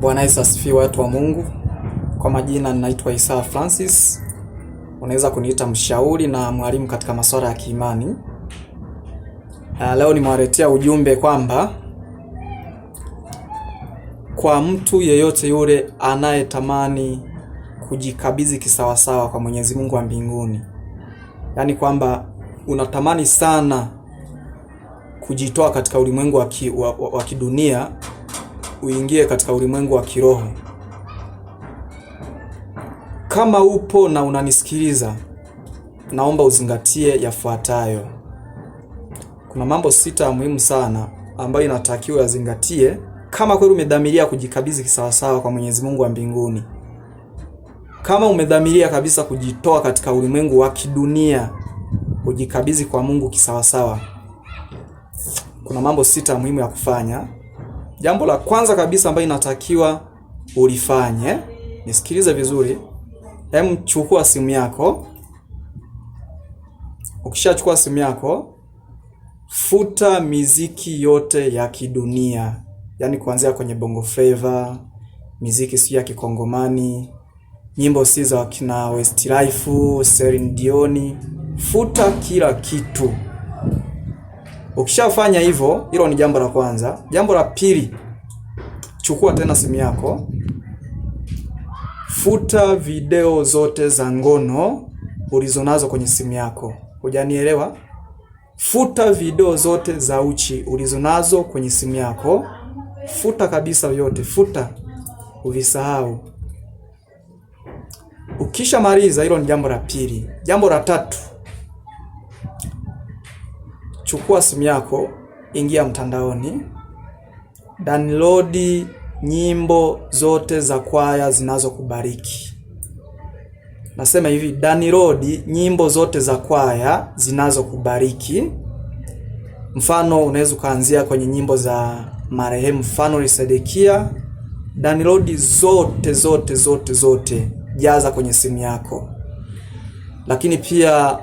Bwana Yesu asifiwe, watu wa Mungu. Kwa majina ninaitwa Isaya Francis, unaweza kuniita mshauri na mwalimu katika masuala ya kiimani. Ah, leo nimewaletea ujumbe kwamba kwa mtu yeyote yule anayetamani kujikabidhi kisawasawa kwa Mwenyezi Mungu wa mbinguni, yaani kwamba unatamani sana kujitoa katika ulimwengu wa kidunia uingie katika ulimwengu wa kiroho. Kama upo na unanisikiliza, naomba uzingatie yafuatayo. Kuna mambo sita ya muhimu sana ambayo inatakiwa yazingatie kama kweli umedhamiria kujikabidhi kisawasawa kwa Mwenyezi Mungu wa mbinguni, kama umedhamiria kabisa kujitoa katika ulimwengu wa kidunia, kujikabidhi kwa Mungu kisawasawa, kuna mambo sita muhimu ya kufanya jambo la kwanza kabisa ambayo inatakiwa ulifanye, nisikilize vizuri. Hem, chukua simu yako. Ukishachukua simu yako, futa miziki yote ya kidunia, yaani kuanzia kwenye bongo flava, miziki si ya kikongomani, nyimbo si za wakina Westlife, Celine Dion, futa kila kitu. Ukishafanya hivyo, hilo ni jambo la kwanza. Jambo la pili, chukua tena simu yako, futa video zote za ngono ulizonazo kwenye simu yako. Hujanielewa? Futa video zote za uchi ulizonazo kwenye simu yako, futa kabisa vyote, futa uvisahau. Ukishamaliza, hilo ni jambo la pili. Jambo la tatu chukua simu yako, ingia mtandaoni, download nyimbo zote za kwaya zinazokubariki. Nasema hivi, download nyimbo zote za kwaya zinazokubariki. Mfano, unaweza ukaanzia kwenye nyimbo za marehemu Fanuel Sedekia. Download zote zote zote zote, jaza kwenye simu yako, lakini pia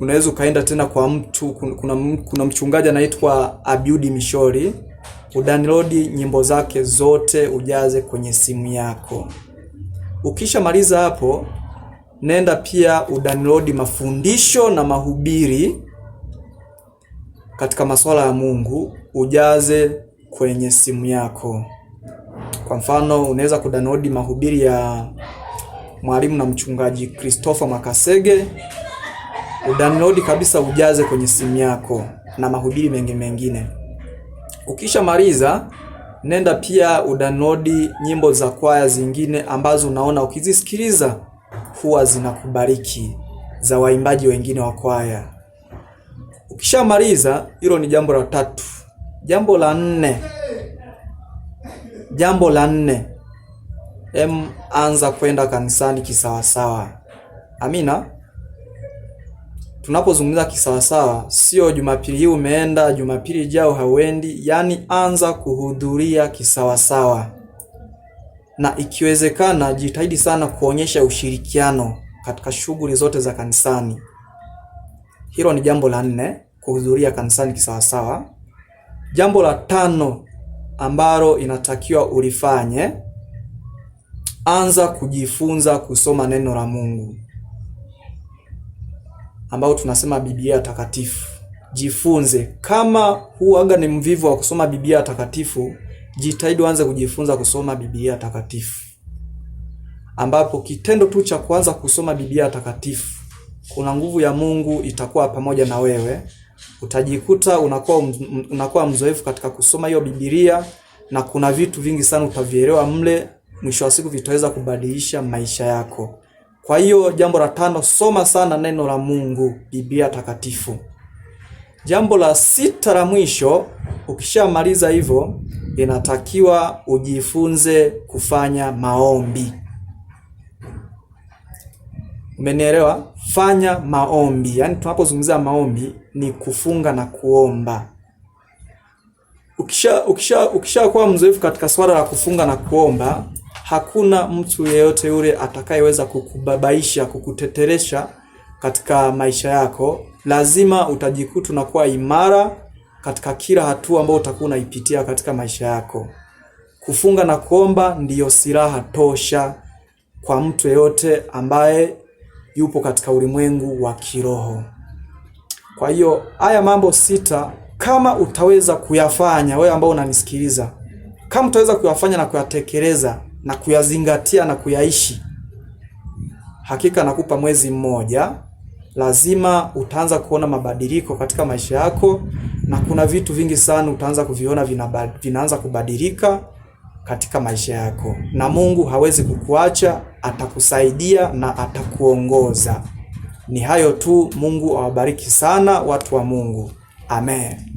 unaweza ukaenda tena kwa mtu, kuna, kuna mchungaji anaitwa Abiudi Mishori, udownload nyimbo zake zote ujaze kwenye simu yako. Ukishamaliza hapo, nenda pia udownload mafundisho na mahubiri katika masuala ya Mungu ujaze kwenye simu yako. Kwa mfano, unaweza kudownload mahubiri ya mwalimu na mchungaji Christopher Makasege udownload kabisa ujaze kwenye simu yako na mahubiri mengi mengine. Ukisha nenda pia udownload nyimbo za kwaya zingine ambazo unaona ukizisikiliza huwa zinakubariki za waimbaji wengine wa kwaya. Ukishamaliza hilo ni jambo la tatu. Jambo la nne, jambo la nne, em, anza kwenda kanisani kisawasawa. Amina tunapozungumza kisawasawa, sio Jumapili hii umeenda, Jumapili ijao hauendi. Yaani anza kuhudhuria kisawasawa, na ikiwezekana jitahidi sana kuonyesha ushirikiano katika shughuli zote za kanisani. Hilo ni jambo la nne, kuhudhuria kanisani kisawasawa. Jambo la tano ambalo inatakiwa ulifanye, anza kujifunza kusoma neno la Mungu ambao tunasema Biblia takatifu. Jifunze kama huaga ni mvivu wa kusoma Biblia takatifu, jitahidi uanze kujifunza kusoma Biblia takatifu, ambapo kitendo tu cha kuanza kusoma Biblia takatifu kuna nguvu ya Mungu itakuwa pamoja na wewe, utajikuta unakuwa unakuwa mzoefu katika kusoma hiyo Biblia, na kuna vitu vingi sana utavielewa mle, mwisho wa siku vitaweza kubadilisha maisha yako. Kwa hiyo jambo la tano, soma sana neno la Mungu, Biblia takatifu. Jambo la sita la mwisho, ukishamaliza hivyo, inatakiwa ujifunze kufanya maombi. Umenielewa? Fanya maombi, yaani tunapozungumzia maombi ni kufunga na kuomba. Ukisha ukisha ukishakuwa mzoefu katika swala la kufunga na kuomba hakuna mtu yeyote yule atakayeweza kukubabaisha, kukuteteresha katika maisha yako. Lazima utajikuta unakuwa imara katika kila hatua ambayo utakuwa unaipitia katika maisha yako. Kufunga na kuomba ndiyo silaha tosha kwa mtu yeyote ambaye yupo katika ulimwengu wa kiroho. Kwa hiyo haya mambo sita kama utaweza kuyafanya, wewe ambao unanisikiliza, kama utaweza kuyafanya na kuyatekeleza na kuyazingatia na kuyaishi, hakika nakupa mwezi mmoja, lazima utaanza kuona mabadiliko katika maisha yako, na kuna vitu vingi sana utaanza kuviona vinaanza kubadilika katika maisha yako, na Mungu hawezi kukuacha, atakusaidia na atakuongoza. Ni hayo tu. Mungu awabariki sana watu wa Mungu, amen.